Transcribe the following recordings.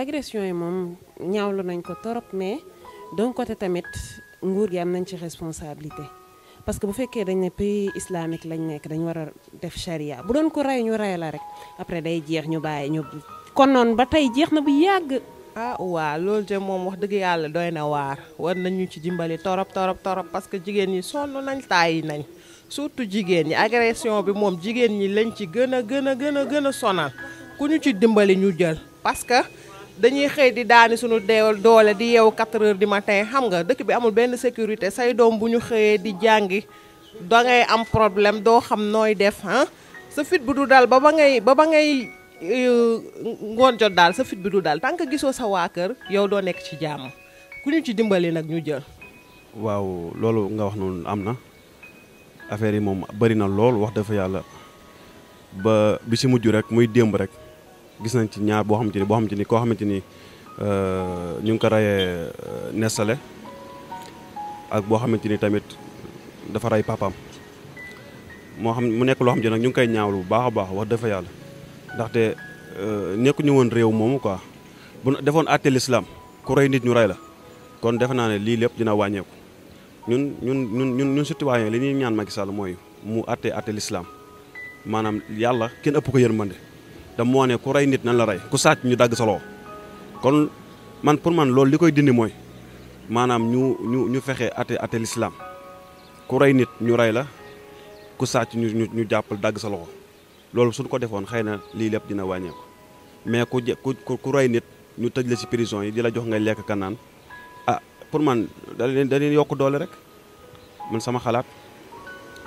agression yi moom ñaawlu nañ ko torop mais d'un côté tamit nguur gi am nañ ci responsabilité parce que bu fekkee dañ ne pays islamique lañ nekk dañ war a def charia bu doon ko rey ñu rey la rek après day jeex ñu bàyyi ñu kon noonu ba tey jeex na bu yàgg ah waa loolu de moom wax dëgg yàlla doy na waar war nañu ci dimbali torop torop torop parce que jigéen ñi sonn nañ tàyyi nañ surtout jigéen ñi agression bi moom jigéen ñi lañ ci gën a gën a gën a gën a sonal ku ñu ci dimbali jël dañuy xëy di daani suñu deewal doole di yeewu 4 heures du matin xam nga dëkk bi amul benn sécurité say doom bu ñu xëyee di jàngi da am problème doo xam nooy def ah sa fit bu du daal ba ba ngay ba ba ngay euh, ngoon jot daal sa fit bi du daal tant que gisoo sa waa kër yow doo nekk ci jàmm ku ñu ci dimbali nag ñu jël. waaw loolu nga wax noonu am na affaire yi moom bari na lool wax dafa yàlla ba bi si mujj rek muy démb rek. gis nañ ci ñaar boo xamante ni boo xamante ni koo xamante ni euh, ñu ngi ko rayee euh, Nestlé ak boo xamante ni tamit dafa rey papam moo xam mu nekk loo xam ni nag ñu ngi koy ñaawlu bu baax baax wax dafa yàlla ndaxte euh, nekkuñu woon réew moomu quoi bu defoon àtte lislaam ku rey nit ñu rey la kon defe naa ne lii lépp dina wàññeeku ñun ñun ñun ñun ñun citoyen li ñuy ñaan Macky Sall mooy mu àtte àtte lislaam maanaam yàlla kenn ëpp ko yërmande te moo ne ku rey nit nan la rey ku sàcc ñu dagg solo kon man pour man loolu li koy dindi mooy maanaam ñu ñu ñu fexe ate ate lislaam ku rey nit ñu rey la ku sàcc ñu ñu ñu jàppal dagg sa loxo loolu suñ ko defoon xëy na lii lépp dina wàññeeku mais ku ku ku rey nit ñu tëj la si prison yi di la jox ngay lekk kanaan ah pour man da leen da yokk doole rek man sama xalaat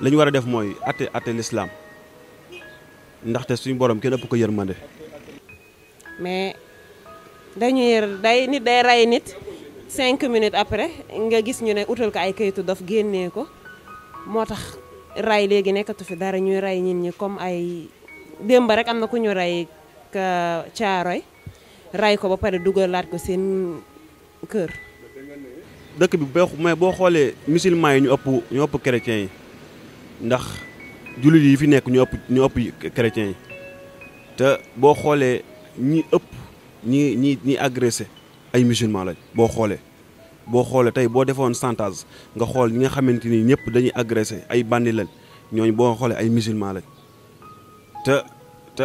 la ñu war a def mooy ate ate lislaam ndaxte suñu borom kenn ëpp ko yërmande. mais dañuy day nit day rey nit cinq minutes après nga gis ñu ne utal ko ay kayitu dof génnee ko moo tax rey léegi nekkatu fi dara ñuy rey nit ñi comme ay démb rek am na ko ñu rey ka caaroy rey ko ba pare dugalaat ko seen kër. dëkk bi boo mais boo xoolee musulman yi ñu ëpp ñu ëpp chrétien yi ndax. jullit yi fi nekk ñu ëpp ñu ëpp chrétiens yi te boo xoolee ñi ëpp ñi ñi ñi agressé ay musulman lañ boo xoolee boo xoolee tey boo defoon chantage nga xool ñi nga xamante ni ñëpp dañuy agressé ay bandi lañ ñooñu boo xoolee ay musulman lañ te te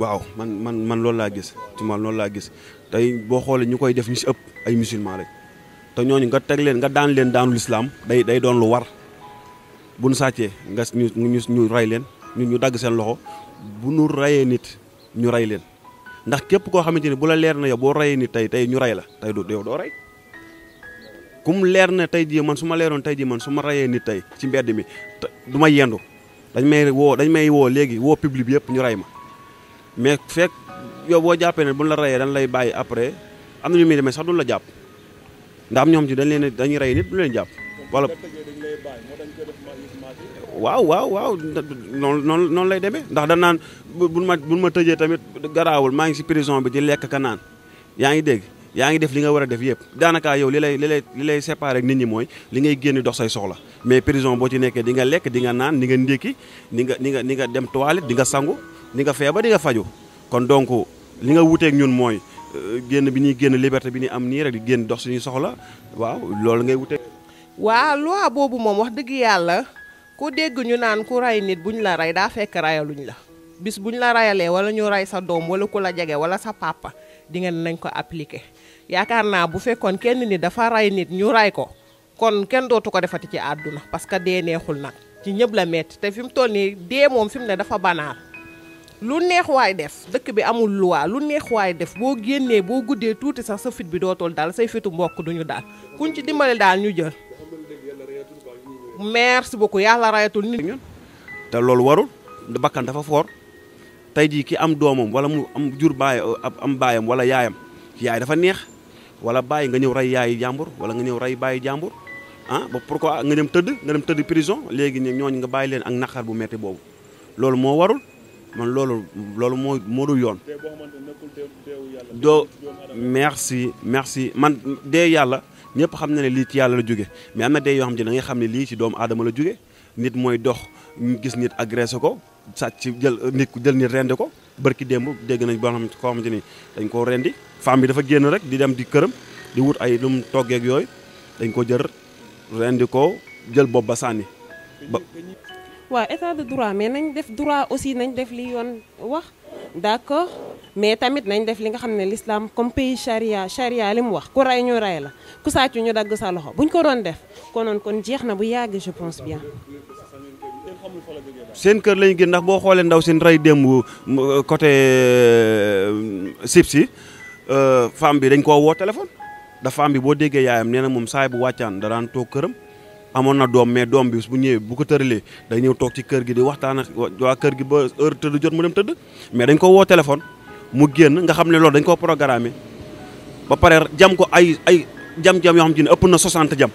waaw man man man loolu laa gis ci man loolu laa gis tey boo xoolee ñu koy def ñu si ëpp ay musulman lañ te ñooñu nga teg leen nga daan leen daanu lislaam day day doon lu war bu nu sàccee nga ñu ñu ñu ray leen ñu ñu dagg seen loxo bu nu rayee nit ñu rey leen ndax képp koo xamante ni bu la leer na yow boo rayee nit tey tey ñu rey la tey du yow doo rey kum leer na tey jii man su ma leeroon tey jii man su ma reyee nit tey ci mbedd mi du ma yendu dañ may woo dañ may woo léegi woo public bi yëpp ñu ray ma mais fekk yow boo jàppee ne buñ la reyee dañ lay bàyyi après am na ñu muy demee sax du la jàpp ndax am ñoo ci dañ leen dañuy rey nit du jàpp wala waaw waaw waaw noonu noonu lay demee ndax danaan buñ bu buñ ma tëjee tamit garaawul maa ngi si prison bi di lekk ka naan yaa ngi dégg yaa ngi def li nga war a def yëpp daanaka yow li lay li lay nit ñi mooy li ngay génn dox say soxla mais prison boo ci nekkee di nga lekk di nga naan di nga ndékki di nga di nga di nga dem toilette di nga sangu di nga feebar di nga faju kon donc li nga wuteeg ñun mooy euh, génn bi ñuy génn liberté bi ñuy am nii rek di génn dox suñuy soxla waaw loolu ngay wuteeg waa loi boobu moom wax dëgg yàlla ku dégg ñu naan ku ray nit bu ñu la rey daa fekk rayaluñ la bis bu ñu la rayalee wala ñu ray sa doom wala ku la jege wala sa papa di nga nañ ko appliqué yaakaar naa bu fekkoon kenn ni dafa ray nit ñu rey ko kon kenn dootu ko defati ci àdduna parce que dee neexul nag ci ñëpp la metti te fi mu toll nii dee moom fi mu ne dafa banaal lu neex def dëkk bi amul loi lu neex def boo génnee boo guddee tuuti sax sa fit bi dootul daal say fitu mbokk duñu daal kuñ ci dimbale daal ñu jël merci beaucoup yàlla rayatul nit ñun te loolu warul bakkan dafa foor tey jii ki am doomam walla mu am jur baay am baayam wala yaayam yaay dafa neex wala bàyyi nga ñëw ray yaayi jàmbur wala nga ñëw ray bàyyi jàmbur ah ba pourquoi nga dem tëdd nga dem tëdd prison léegi ñooñ nga bàyyi leen ak naqar bu metti boobu loolu moo warul man loolu loolu moo moo dul yoon doo merci merci man dee yàlla ñepp xam na li lii ci yalla la jóge mais amna day yo xam ne da xam ne ci doom adam la jóge nit moy dox gis nit agressé ko sacc jël euh, nit jël nit rendé ko barki démb dégg nañ bo xam koo xamante ni dañ ko rendi fam bi dafa genn rek di dem di kërëm di wut ay lu mu ak yoy dañ ko jër rendi ko jël bob ba sànni ba waa état de droit mais nañ def droit aussi nañ def li yon wax d'accord mais tamit nañ def li nga xam ne l'islam comme pays charia charia li mu wax ku rey ñu rey la ku sàcc ñu dagg sa loxo buñ ko doon def konoon kon jeex na bu yàgg je pense bien. kër lañu gën ndax boo xoolee ndaw seen rey démb euh, côté euh, Sibsi euh, femme bi dañ koo woo téléphone da femme bi boo déggee yaayam nee na moom saay bu wàccaan da daan toog këram amoon na doom mais doom bi bu ñëwee bu ko tëralee day ñëw toog ci kër gi di waxtaan ak waa kër gi ba heure tëdd jot mu dem tëdd mais dañ ko woo téléphone mu génn nga xam ne loolu dañ koo programmé ba pare jam ko ay ay jam-jam yoxam xam ci ne ëpp na 60 jam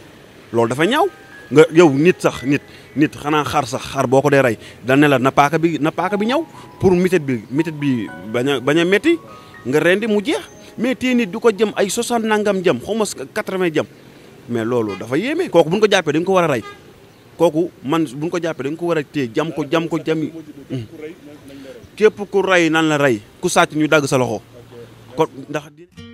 loolu dafa ñaaw nga yow nit sax nit nit xanaa xar sax xar boo ko dee rey da ne la na paaka bi na paaka bi ñaw pour méthode bi méthode bi bañ a bañ a métti nga rendi mu jeex mais tey nit du ko jëm ay 60 nangam jam xaw ma 80 jam mais loolu dafa yéeme kooku bu ñu ko jàppee dañ ko war a rey. kooku man buñ ko jàppee dañ ko war a téye jam ko jam ko jam képp ku rey nan la rey ku sàcc ñu dagg sa loxo kon ndax